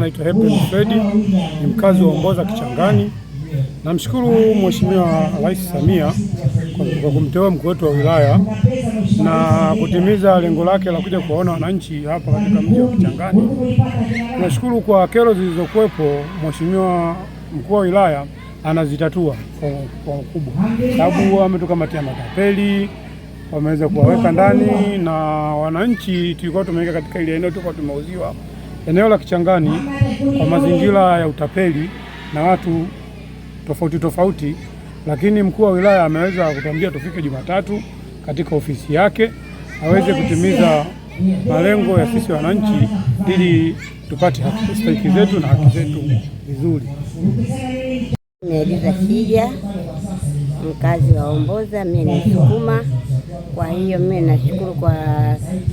anaitwa naitwa Hebron Fredi, ni mkazi wa Mboza Kichangani. Namshukuru Mheshimiwa Rais Samia kwa kumteua mkuu wetu wa wilaya na kutimiza lengo lake la kuja kuwaona wananchi hapa katika mji wa Kichangani. nashukuru kwa kero zilizokuwepo, Mheshimiwa mkuu wa wilaya anazitatua kwa ukubwa, sababu ametukamatia matapeli wameweza kuwaweka ndani, na wananchi tulikuwa tumeweka katika ile eneo tulikuwa tumeuziwa Eneo la Kichangani kwa mazingira ya utapeli na watu tofauti tofauti, lakini mkuu wa wilaya ameweza kutuambia tufike Jumatatu katika ofisi yake aweze kutimiza malengo ya sisi wananchi ili tupate haki zetu na haki zetu vizuri. Meeleza mkazi wa omboza mimi ni Msukuma. Kwa hiyo mimi nashukuru kwa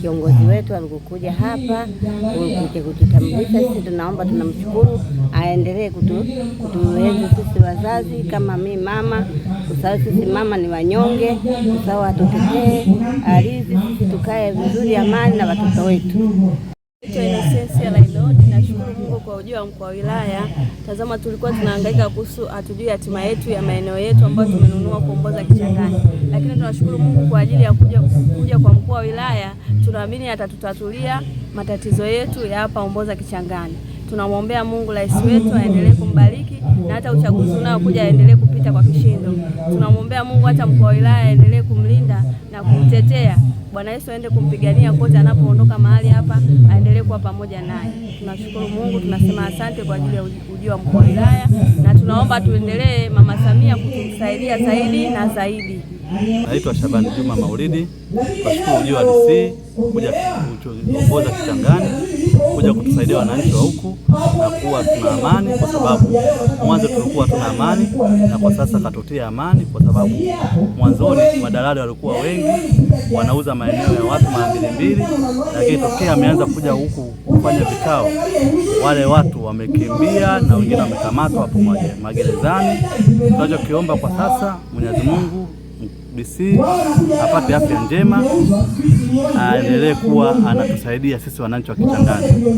kiongozi wetu alikuja hapa kuja kututambulisha sisi, tunaomba tunamshukuru, aendelee kutuweza sisi wazazi kama mi mama, kusahau sisi mama ni wanyonge, kusahau atutetee alizi, sisi tukae vizuri, amani na watoto wetu kwa ujio wa mkuu wa wilaya. Tazama, tulikuwa tunahangaika kuhusu hatujui ah, hatima yetu ya maeneo yetu ambayo tumenunua kuongoza kichangani, lakini tunashukuru Mungu kwa ajili ya kuja, kuja kwa mkuu wa wilaya. Tunaamini atatutatulia matatizo yetu ya hapa Omboza Kichangani. Tunamwombea Mungu rais wetu aendelee kumbariki na hata uchaguzi unaokuja aendelee kupita kwa kishindo. Tunamwombea Mungu hata mkuu wa wilaya aendelee kumlinda na kumtetea. Bwana Yesu aende kumpigania kote anapoondoka mahali hapa tuendelee pamoja naye. Tunashukuru Mungu, tunasema asante kwa ajili ya ujio wa mkuu wa wilaya, na tunaomba tuendelee Mama Samia kutusaidia zaidi na zaidi. Naitwa Shabani Juma Maulidi, tunashukuru ujio wa DC kuja kutuongoza kichangani, kuja kutusaidia wananchi wa huku na kuwa tuna amani, kwa sababu mwanzo tulikuwa tuna amani na kwa sasa katutia amani, kwa sababu mwanzoni madalali walikuwa wengi wanauza maeneo ya watu mara mbili mbili, lakini tokea ameanza kuja huku kufanya vikao, wale watu wamekimbia na wengine wamekamatwa hapo magerezani. Tunachokiomba kwa sasa Mwenyezi Mungu DC apate afya njema, aendelee kuwa anatusaidia sisi wananchi wa Kitandani.